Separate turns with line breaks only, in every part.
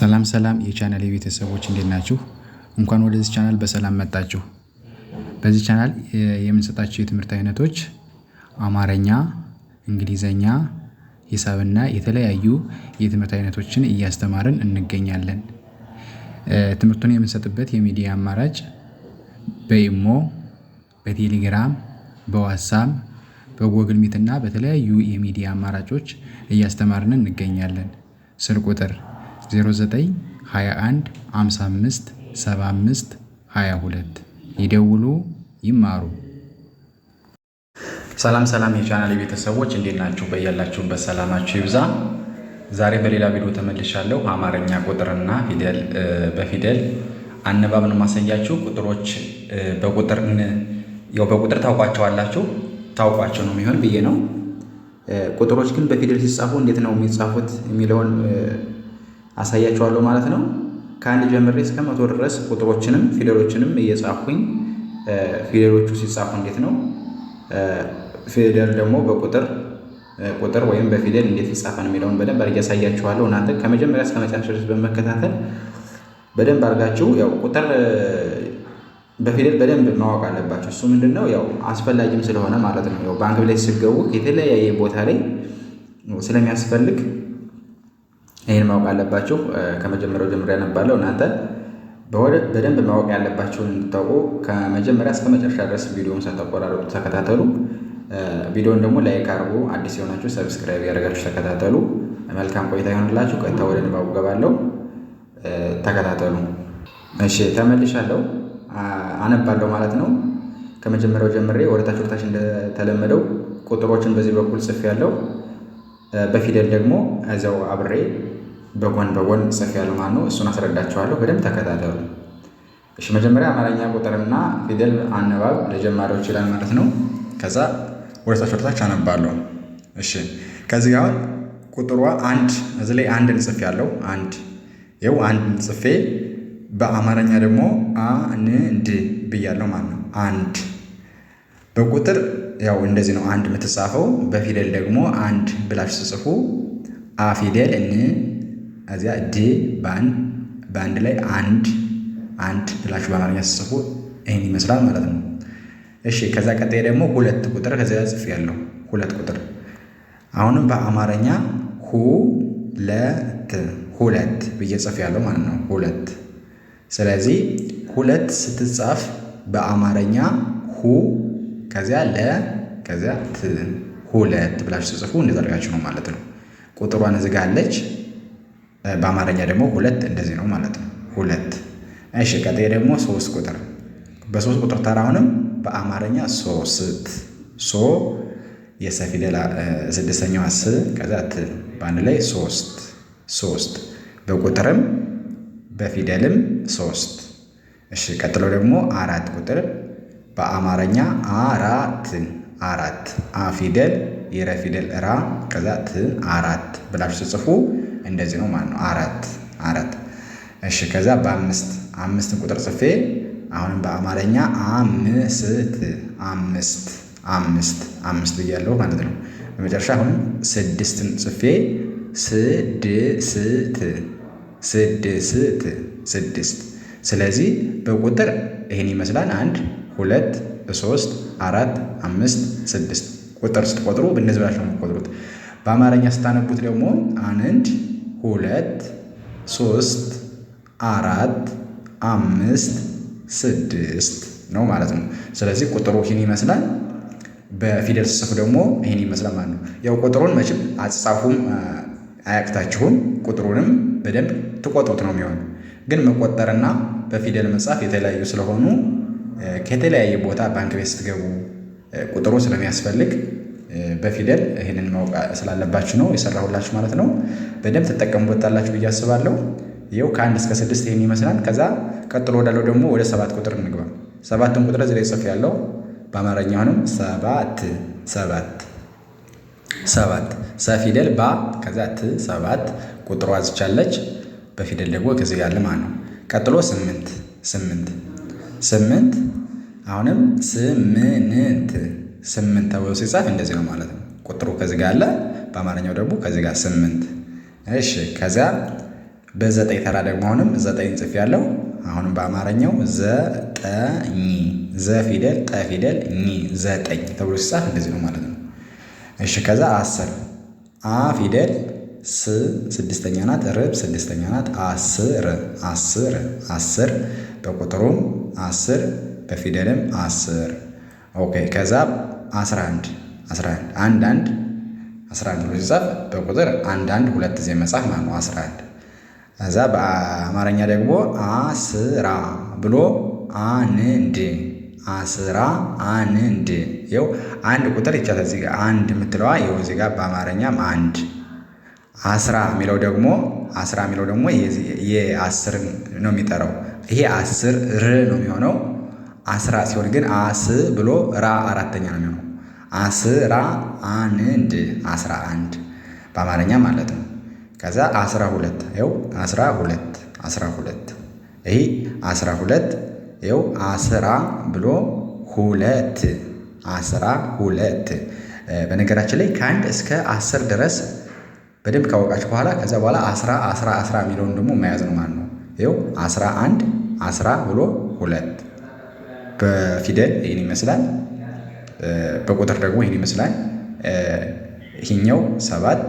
ሰላም ሰላም የቻናል የቤተሰቦች እንዴት ናችሁ? እንኳን ወደዚህ ቻናል በሰላም መጣችሁ። በዚህ ቻናል የምንሰጣቸው የትምህርት አይነቶች አማረኛ፣ እንግሊዘኛ፣ ሂሳብና የተለያዩ የትምህርት አይነቶችን እያስተማርን እንገኛለን። ትምህርቱን የምንሰጥበት የሚዲያ አማራጭ በኢሞ፣ በቴሌግራም፣ በዋትሳፕ፣ በጎግል ሚትና በተለያዩ የሚዲያ አማራጮች እያስተማርን እንገኛለን። ስልክ ቁጥር 09 21 55 75 22 ይደውሉ ይማሩ። ሰላም ሰላም የቻናል ቤተሰቦች እንዴት ናችሁ? በያላችሁበት ሰላማችሁ ይብዛ። ዛሬ በሌላ ቪዲዮ ተመልሻለሁ። አማርኛ ቁጥርና ፊደል በፊደል አነባብ ነው ማሳያችሁ። ቁጥሮች በቁጥር ያው በቁጥር ታውቋቸዋላችሁ ታውቋቸው ነው የሚሆን ብዬ ነው። ቁጥሮች ግን በፊደል ሲጻፉ እንዴት ነው የሚጻፉት የሚለውን አሳያችኋለሁ ማለት ነው። ከአንድ ጀምሬ እስከ መቶ ድረስ ቁጥሮችንም ፊደሎችንም እየጻፉኝ ፊደሎቹ ሲጻፉ እንዴት ነው ፊደል ደግሞ በቁጥር ቁጥር ወይም በፊደል እንዴት ይጻፋል የሚለውን በደንብ አድርጌ ያሳያችኋለሁ። እናንተ ከመጀመሪያ እስከ መጨረሻ ድረስ በመከታተል በደንብ አድርጋችሁ ያው ቁጥር በፊደል በደንብ ማወቅ አለባቸው። እሱ ምንድን ነው ያው አስፈላጊም ስለሆነ ማለት ነው። ያው ባንክ ላይ ስገቡ የተለያየ ቦታ ላይ ስለሚያስፈልግ ይህን ማወቅ አለባችሁ። ከመጀመሪያው ጀምሮ ያነባለው እናንተ በደንብ ማወቅ ያለባችሁን እንድታውቁ ከመጀመሪያ እስከ መጨረሻ ድረስ ቪዲዮውን ሳታቆራረጡ ተከታተሉ። ቪዲዮውን ደግሞ ላይክ አርጎ አዲስ የሆናችሁ ሰብስክራይብ ያደርጋችሁ ተከታተሉ። መልካም ቆይታ ይሆንላችሁ። ቀጥታ ወደ ንባቡ ገባለው። ተከታተሉ። እሺ፣ ተመልሻለው አነባለሁ ማለት ነው። ከመጀመሪያው ጀምሬ ወደታች ወደታች እንደተለመደው ቁጥሮችን በዚህ በኩል ጽፌ ያለው በፊደል ደግሞ እዚያው አብሬ በጎን በጎን ሰፊ ያለ ነው። እሱን አስረዳችኋለሁ። በደንብ ተከታተሉ። እሺ መጀመሪያ አማርኛ ቁጥርና ፊደል አነባብ ለጀማሪዎች ይችላል ማለት ነው። ከዛ ወደ ታች አነባለሁ። እሺ ከዚህ ጋር ቁጥሯ አንድ እዚህ ላይ አንድ ንጽፍ ያለው አንድ ይኸው አንድ ጽፌ በአማርኛ ደግሞ አንድ ብያለሁ ማለት ነው። አንድ በቁጥር ያው እንደዚህ ነው አንድ የምትጻፈው። በፊደል ደግሞ አንድ ብላችሁ ስጽፉ አ ፊደል እን እዚያ ድ በአንድ ላይ አንድ አንድ ብላችሁ በአማርኛ ስጽፉ ይህን ይመስላል ማለት ነው። እሺ ከዛ ቀጣይ ደግሞ ሁለት ቁጥር ከዚያ ጽፍ ያለው ሁለት ቁጥር አሁንም በአማርኛ ሁለት ሁለት ብዬ ጽፍ ያለው ማለት ነው። ሁለት ስለዚህ ሁለት ስትጻፍ በአማርኛ ሁ ከዚያ ለ ከዚያ ት ሁለት ብላችሁ ስትጽፉ እንደዛ ነው ማለት ነው። ቁጥሯን እዝጋለች። በአማርኛ ደግሞ ሁለት እንደዚህ ነው ማለት ነው። ሁለት። እሺ፣ ቀጣይ ደግሞ ሶስት ቁጥር በሶስት ቁጥር ተራ አሁንም በአማርኛ ሶስት ሶ የሰ ፊደል ስድስተኛዋ ስ ከዛ ት በአንድ ላይ ሶስት ሶስት በቁጥርም በፊደልም ሶስት። እሺ ቀጥሎ ደግሞ አራት ቁጥር በአማርኛ አራት አራት አ ፊደል የረ ፊደል ራ ከዛ ት አራት ብላችሁ ተጽፉ። እንደዚህ ነው ማለት ነው። አራት አራት። እሺ ከዛ በአምስት አምስትን ቁጥር ጽፌ አሁንም በአማርኛ አምስት አምስት አምስት አምስት ብያለሁ ማለት ነው። በመጨረሻ አሁንም ስድስትን ጽፌ ስድስት ስድስት ስድስት። ስለዚህ በቁጥር ይህን ይመስላል። አንድ ሁለት ሶስት አራት አምስት ስድስት ቁጥር ስትቆጥሩ በእነዚህ ብላችሁ ነው የምትቆጥሩት። በአማርኛ ስታነቡት ደግሞ አንድ ሁለት ሶስት አራት አምስት ስድስት ነው ማለት ነው። ስለዚህ ቁጥሩ ይህን ይመስላል። በፊደል ስጽፉ ደግሞ ይህን ይመስላል ማለት ነው። ያው ቁጥሩን መቼም አጻጻፉም አያቅታችሁም። ቁጥሩንም በደንብ ትቆጥሩት ነው የሚሆን። ግን መቆጠርና በፊደል መጻፍ የተለያዩ ስለሆኑ ከተለያየ ቦታ ባንክ ቤት ስትገቡ ቁጥሩ ስለሚያስፈልግ በፊደል ይህንን ማወቅ ስላለባችሁ ነው የሰራሁላችሁ ማለት ነው። በደንብ ትጠቀሙበታላችሁ ብዬ አስባለሁ። ይኸው ከአንድ እስከ ስድስት ይህን ይመስላል። ከዛ ቀጥሎ ወዳለው ደግሞ ወደ ሰባት ቁጥር እንግባ። ሰባትን ቁጥር እዚህ ላይ ያለው በአማርኛ አሁንም ሰባት ሰባት ሰባት ሰፊደል ባ ከዛ ት ሰባት ቁጥሩ አዝቻለች በፊደል ደግሞ ከዚህ ያለ ማለት ነው። ቀጥሎ ስምንት ስምንት ስምንት አሁንም ስምንት ስምንት ተብሎ ሲጻፍ እንደዚህ ነው ማለት ነው። ቁጥሩ ከዚህ ጋር አለ። በአማርኛው ደግሞ ከዚህ ጋር ስምንት። እሺ ከዚያ በዘጠኝ ተራ ደግሞ አሁንም ዘጠኝ ጽፍ ያለው አሁንም በአማርኛው ዘጠኝ ዘ ፊደል ጠ ፊደል ኝ ዘጠኝ ተብሎ ሲጻፍ እንደዚህ ነው ማለት ነው። እሺ ከዛ አስር አ ፊደል ስ ስድስተኛ ናት። ርብ ስድስተኛ ናት። አስር አስር አስር በቁጥሩም አስር በፊደልም አስር ኦኬ ከዛ 11 11 አንድ አንድ 11 ብሎ ሲጻፍ በቁጥር አንድ አንድ ሁለት ጊዜ መጻፍ ማለት ነው 11 እዛ በአማርኛ ደግሞ አስራ ብሎ አንድ አስራ አንድ ይኸው አንድ ቁጥር ይቻላል። እዚህ ጋር አንድ የምትለዋ ይኸው እዚህ ጋር በአማርኛም አንድ አስራ የሚለው ደግሞ አስራ የሚለው ደግሞ የአስር ነው የሚጠራው። ይሄ አስር ር ነው የሚሆነው አስራ ሲሆን ግን አስ ብሎ ራ አራተኛ ነው የሚሆነው። አስራ አንድ አስራ አንድ በአማርኛ ማለት ነው። ከዛ አስራ ሁለት ይኸው አስራ ሁለት አስራ ሁለት ይህ አስራ ሁለት ይኸው አስራ ብሎ ሁለት አስራ ሁለት በነገራችን ላይ ከአንድ እስከ አስር ድረስ በደንብ ካወቃች በኋላ ከዚ በኋላ አስራ አስራ አስራ የሚለውን ደግሞ መያዝ ነው ማለት ነው። ይኸው አስራ አንድ አስራ ብሎ ሁለት በፊደል ይህን ይመስላል። በቁጥር ደግሞ ይህን ይመስላል። ይህኛው ሰባት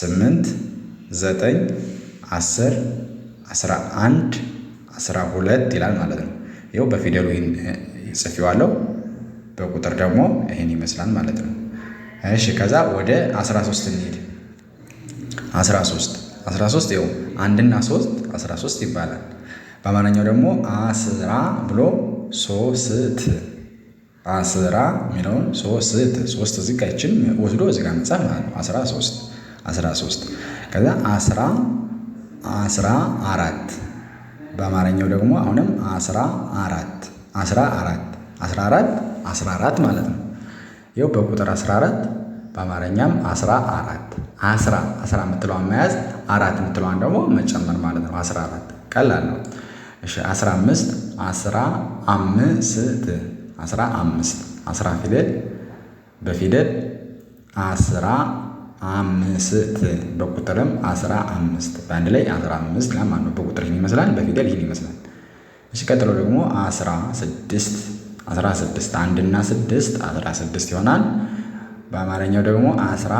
ስምንት ዘጠኝ አስር አስራ አንድ አስራ ሁለት ይላል ማለት ነው። ይኸው በፊደሉ ይህን ጽፌዋለሁ በቁጥር ደግሞ ይህን ይመስላል ማለት ነው። እሺ ከዛ ወደ 13 ሶስት 13 13 ሶስት ሶስት ይኸው አንድና ሶስት ይባላል። በአማርኛው ደግሞ አስራ ብሎ ሶስት አስራ የሚለውን ሶስት ሶስት እዚህ ቀችን ወስዶ እዚህ ጋር መጻፍ ማለት ነው። አስራ ሶስት አስራ ሶስት ከዛ አስራ አስራ አራት በአማርኛው ደግሞ አሁንም አስራ አራት አስራ አራት አስራ አራት አስራ አራት ማለት ነው። ይኸው በቁጥር አስራ አራት በአማርኛም አስራ አራት አስራ አስራ የምትለዋን መያዝ አራት የምትለዋን ደግሞ መጨመር ማለት ነው። አስራ አራት ቀላል ነው። እሺ አስራ አምስት አስራ አምስት አስራ አምስት አስራ ፊደል በፊደል አስራ አምስት በቁጥርም አስራ አምስት በአንድ ላይ አስራ አምስት ለማን ነው? በቁጥር ይህን ይመስላል፣ በፊደል ይህን ይመስላል። እሺ ቀጥሎ ደግሞ አስራ ስድስት አስራ ስድስት አንድና ስድስት አስራ ስድስት ይሆናል። በአማርኛው ደግሞ አስራ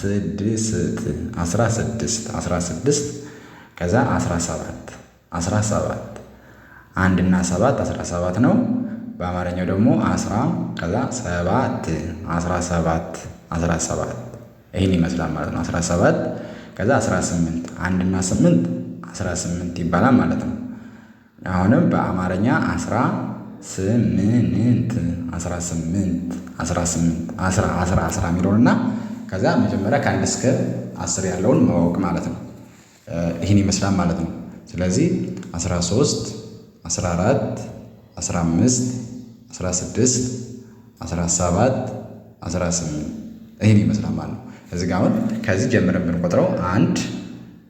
ስድስት አስራ ስድስት አስራ ስድስት ከዛ አስራ ሰባት አስራ ሰባት አንድ እና ሰባት አስራ ሰባት ነው። በአማርኛው ደግሞ አስራ ከዛ ሰባት አስራ ሰባት አስራ ሰባት ይህን ይመስላል ማለት ነው። አስራ ሰባት ከዛ አስራ ስምንት አንድ እና ስምንት አስራ ስምንት ይባላል ማለት ነው። አሁንም በአማርኛ አስራ ስምንት አስራ ስምንት አስራ ስምንት አስራ አስራ አስራ የሚለውን እና ከዛ መጀመሪያ ከአንድ እስከ አስር ያለውን ማወቅ ማለት ነው። ይህን ይመስላል ማለት ነው። ስለዚህ አስራ ሶስት 14 15 16 17 18 ይህን ይመስላል ማለት ነው። እዚህ ጋር አሁን ከዚህ ጀምረን የምንቆጥረው አንድ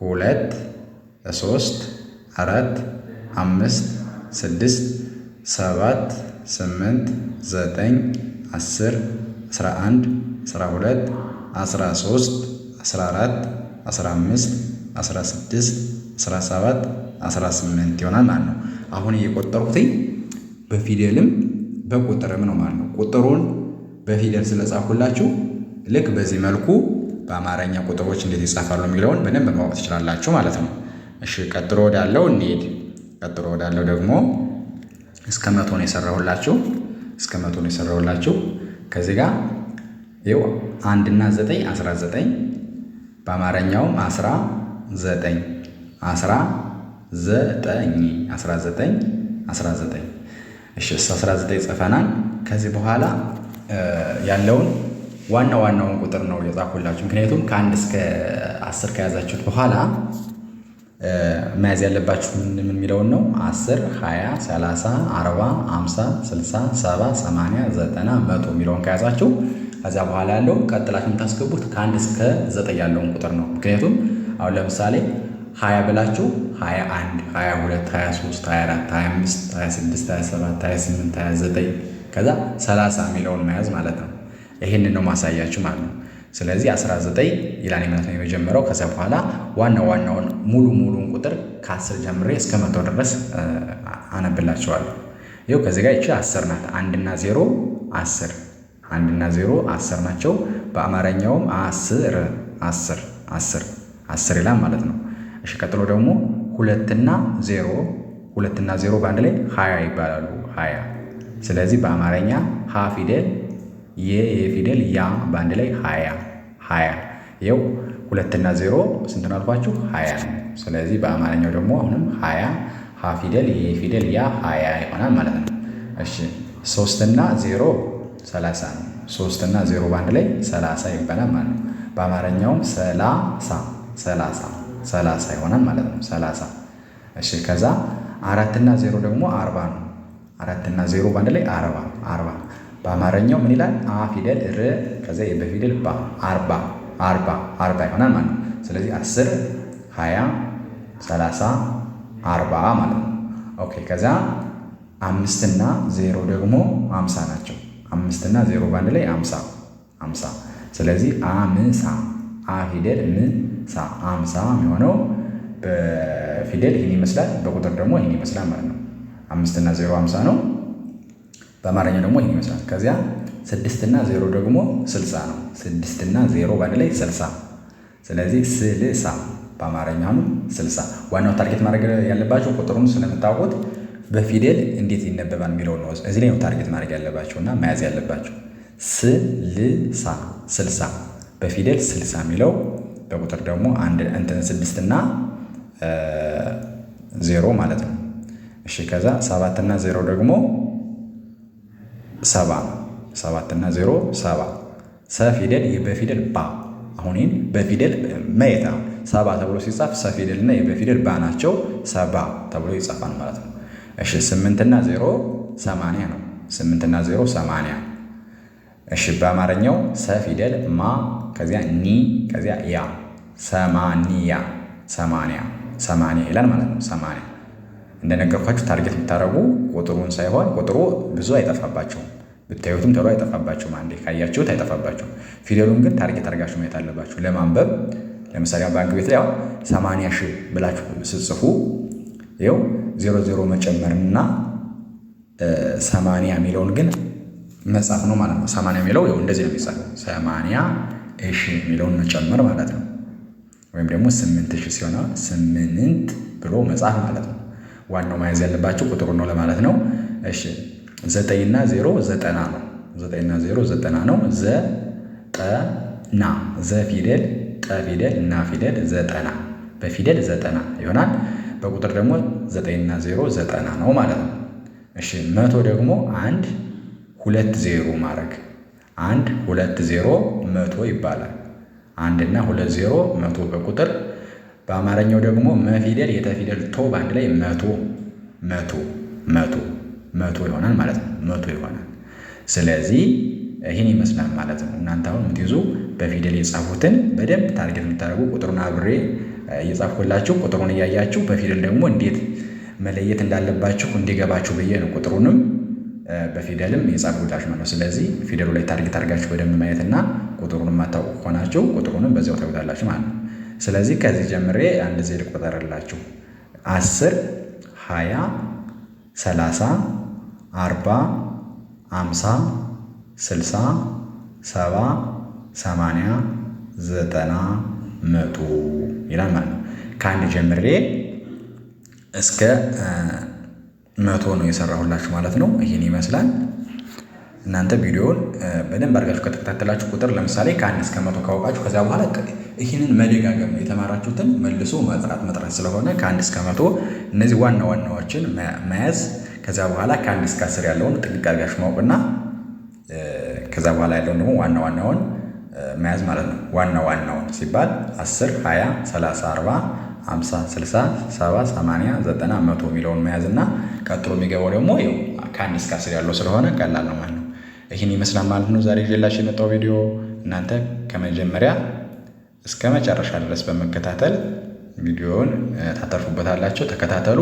ሁለት ሶስት አራት አምስት ስድስት ሰባት ስምንት ዘጠኝ አስር አስራ አንድ አስራ ሁለት አስራ ሶስት አስራ አራት አስራ አምስት አስራ ስድስት አስራ ሰባት አስራ ስምንት ይሆናል ማለት ነው። አሁን እየቆጠርኩትኝ በፊደልም በቁጥርም ነው ማለት ነው። ቁጥሩን በፊደል ስለጻፍኩላችሁ ልክ በዚህ መልኩ በአማርኛ ቁጥሮች እንዴት ይጻፋሉ የሚለውን በደንብ ማወቅ ትችላላችሁ ማለት ነው። እሺ ቀጥሎ ወዳለው እንሄድ። ቀጥሎ ወዳለው ደግሞ እስከ መቶ ነው የሰራሁላችሁ። እስከ መቶ ነው የሰራሁላችሁ። ከዚህ ጋር ይኸው አንድና ዘጠኝ አስራ ዘጠኝ በአማርኛውም አስራ ዘጠኝ አስራ ዘጠኝ አስራ ዘጠኝ እሺ ጽፈናል። ከዚህ በኋላ ያለውን ዋና ዋናውን ቁጥር ነው የጻፍኩላችሁ። ምክንያቱም ከአንድ እስከ አስር ከያዛችሁት በኋላ መያዝ ያለባችሁ ምን የሚለውን ነው። አስር ሀያ ሰላሳ አርባ አምሳ ስልሳ ሰባ ሰማንያ ዘጠና መቶ የሚለውን ከያዛችሁ ከዚያ በኋላ ያለው ቀጥላችሁ የምታስገቡት ከአንድ እስከ ዘጠኝ ያለውን ቁጥር ነው። ምክንያቱም አሁን ለምሳሌ ሀያ ብላችሁ ሀያ አንድ ሀያ ሁለት ሀያ ሶስት ሀያ አራት ሀያ አምስት ሀያ ስድስት ሀያ ሰባት ሀያ ስምንት ሀያ ዘጠኝ ከዛ ሰላሳ የሚለውን መያዝ ማለት ነው። ይህንን ነው ማሳያችሁ ማለት ነው። ስለዚህ 19 ይላል ማለት ነው የመጀመሪያው። ከዛ በኋላ ዋና ዋናውን ሙሉ ሙሉን ቁጥር ከ10 ጀምሬ እስከ መቶ ድረስ አነብላችኋለሁ። ይኸው ከዚህ ጋር ይቺ 10 ናት። አንድና ዜሮ 10 አንድና ዜሮ 10 ናቸው። በአማርኛውም 10 10 10 10 ይላል ማለት ነው። እሺ ቀጥሎ ደግሞ ሁለትና ዜሮ ሁለትና ዜሮ በአንድ ላይ ሀያ ይባላሉ። ሀያ ስለዚህ በአማርኛ ሀ ፊደል የፊደል ያ በአንድ ላይ ሀያ ሀያ ይኸው ሁለትና ዜሮ ስንት ነው ሀያ ነው። ስለዚህ በአማርኛው ደግሞ አሁንም ሀያ ሀ ፊደል የፊደል ያ ሀያ ይሆናል ማለት ነው። እሺ ሶስትና ዜሮ ሰላሳ ነው። ሶስትና ዜሮ በአንድ ላይ ሰላሳ ይባላል ማለት ነው። በአማርኛውም ሰላሳ ሰላሳ ሰላሳ ይሆናል ማለት ነው። ሰላሳ እሺ። ከዛ አራትና ዜሮ ደግሞ አርባ ነው። አራትና ዜሮ በአንድ ላይ አርባ አርባ። በአማርኛው ምን ይላል? አ ፊደል ር ከዛ የበ ፊደል ባ አርባ አርባ አርባ ይሆናል ማለት ነው። ስለዚህ አስር ሀያ ሰላሳ አርባ ማለት ነው። ኦኬ ከዛ አምስትና ዜሮ ደግሞ አምሳ ናቸው። አምስትና ዜሮ በአንድ ላይ አምሳ አምሳ። ስለዚህ አምሳ አ ፊደል ም አምሳ የሚሆነው በፊደል ይህን ይመስላል፣ በቁጥር ደግሞ ይህን ይመስላል ማለት ነው። አምስትና ዜሮ አምሳ ነው። በአማርኛ ደግሞ ይህን ይመስላል። ከዚያ ስድስት እና ዜሮ ደግሞ ስልሳ ነው። ስድስትና ዜሮ በአንድ ላይ ስልሳ። ስለዚህ ስልሳ በአማርኛም ስልሳ። ዋናው ታርጌት ማድረግ ያለባቸው ቁጥሩን ስለምታውቁት በፊደል እንዴት ይነበባል የሚለው ነው። እዚህ ላይ ነው ታርጌት ማድረግ ያለባቸው እና መያዝ ያለባቸው ስልሳ ስልሳ በፊደል ስልሳ የሚለው በቁጥር ደግሞ አንድ እንትን ስድስት እና ዜሮ ማለት ነው። እሺ ከዛ ሰባት እና ዜሮ ደግሞ ሰባ ሰባት እና ዜሮ ሰባ ሰ ፊደል በፊደል ባ አሁን ይህን በፊደል መየት ነው። ሰባ ተብሎ ሲጻፍ ሰ ፊደል እና ባ ናቸው። ሰባ ተብሎ ይጻፋል ማለት ነው። እሺ ስምንትና ዜሮ ሰማንያ ነው። ስምንትና ዜሮ ሰማንያ። እሺ በአማርኛው ሰ ፊደል ማ ከዚያ ኒ ከዚያ ያ ሰማኒያ ሰማኒያ ሰማኒያ ይላል ማለት ነው። ሰማኒያ እንደነገርኳችሁ ታርጌት የምታደርጉ ቁጥሩን ሳይሆን ቁጥሩ ብዙ አይጠፋባቸውም። ብታዩትም ቶሎ አይጠፋባቸውም። አንዴ ካያችሁት አይጠፋባቸውም። ፊደሉን ግን ታርጌት አድርጋችሁ ማየት አለባችሁ ለማንበብ። ለምሳሌ ባንክ ቤት ላይ ሰማኒያ ሺህ ብላችሁ ስጽፉ ይኸው ዜሮ ዜሮ መጨመርና ሰማኒያ የሚለውን ግን መጻፍ ነው ማለት ነው። ሰማኒያ የሚለው እንደዚህ ነው የሚጻፈው ሰማኒያ እሺ የሚለውን መጨመር ማለት ነው። ወይም ደግሞ ስምንት ሺህ ሲሆና ስምንት ብሎ መጻፍ ማለት ነው። ዋናው መያዝ ያለባቸው ቁጥሩ ነው ለማለት ነው። እሺ ዘጠኝ እና ዜሮ ዘጠና ነው። ዘጠኝ እና ዜሮ ዘጠና ነው። ዘ ጠ ና ዘ ፊደል ጠ ፊደል ና ፊደል ዘጠና በፊደል ዘጠና ይሆናል። በቁጥር ደግሞ ዘጠኝና ዜሮ ዘጠና ነው ማለት ነው። እሺ መቶ ደግሞ አንድ ሁለት ዜሮ ማድረግ አንድ ሁለት ዜሮ መቶ ይባላል። አንድ እና ሁለት ዜሮ መቶ በቁጥር በአማርኛው ደግሞ መፊደል የተፊደል ቶ በአንድ ላይ መቶ መቶ መቶ መቶ ይሆናል ማለት ነው። መቶ ይሆናል። ስለዚህ ይህን ይመስላል ማለት ነው። እናንተ አሁን የምትይዙ በፊደል የጻፉትን በደንብ ታርጌት የምታደርጉ ቁጥሩን አብሬ እየጻፍኩላችሁ ቁጥሩን እያያችሁ በፊደል ደግሞ እንዴት መለየት እንዳለባችሁ እንዲገባችሁ ብዬ ነው ቁጥሩንም በፊደልም የጻፍ ወዳጅ ነው። ስለዚህ ፊደሉ ላይ ታርጌት አድርጋችሁ በደንብ ማየት እና ቁጥሩን የማታውቁ ከሆናችሁ ቁጥሩንም በዚያው ታዩታላችሁ ማለት ነው። ስለዚህ ከዚህ ጀምሬ አንድ ዜድ ቆጠረላችሁ። አስር ሀያ ሰላሳ አርባ አምሳ ስልሳ ሰባ ሰማንያ ዘጠና መቶ ይላል ማለት ነው። ከአንድ ጀምሬ እስከ መቶ ነው የሰራሁላችሁ ማለት ነው። ይህን ይመስላል። እናንተ ቪዲዮውን በደንብ አድርጋችሁ ከተከታተላችሁ ቁጥር ለምሳሌ ከአንድ እስከ መቶ ካወቃችሁ ከዚያ በኋላ ይህንን መደጋገም የተማራችሁትን መልሶ መጥራት መጥራት ስለሆነ ከአንድ እስከ መቶ እነዚህ ዋና ዋናዎችን መያዝ ከዚያ በኋላ ከአንድ እስከ አስር ያለውን ጥንቅቅ አድርጋችሁ ማወቅና ከዚያ በኋላ ያለውን ደግሞ ዋና ዋናውን መያዝ ማለት ነው። ዋና ዋናውን ሲባል 10 20 30 40 50 60 70 80 90 መቶ የሚለውን መያዝ እና ቀጥሎ የሚገባው ደግሞ ከአንድ እስከ አስር ያለው ስለሆነ ቀላል ነው ማለት ነው። ይህን ይመስላል ማለት ነው ዛሬ ይዤላችሁ የመጣው ቪዲዮ። እናንተ ከመጀመሪያ እስከ መጨረሻ ድረስ በመከታተል ቪዲዮውን ታተርፉበታላቸው። ተከታተሉ፣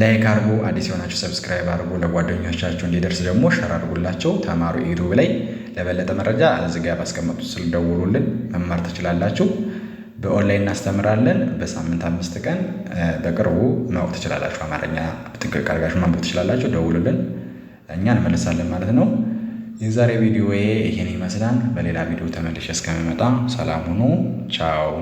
ላይክ አድርጉ፣ አዲስ የሆናቸው ሰብስክራይብ አድርጉ፣ ለጓደኞቻቸው እንዲደርስ ደግሞ ሸር አድርጉላቸው። ተማሩ ዩቱብ ላይ ለበለጠ መረጃ እዚጋ ጋ ባስቀመጡት ስልክ ደውሉልን መማር ትችላላችሁ። በኦንላይን እናስተምራለን። በሳምንት አምስት ቀን በቅርቡ ማወቅ ትችላላችሁ። አማርኛ ጥንቅቅ አድርጋችሁ ማንበብ ትችላላችሁ። ደውሉልን፣ እኛ እንመልሳለን ማለት ነው። የዛሬ ቪዲዮ ይሄን ይመስላል። በሌላ ቪዲዮ ተመልሼ እስከምመጣ ሰላም ሁኑ። ቻው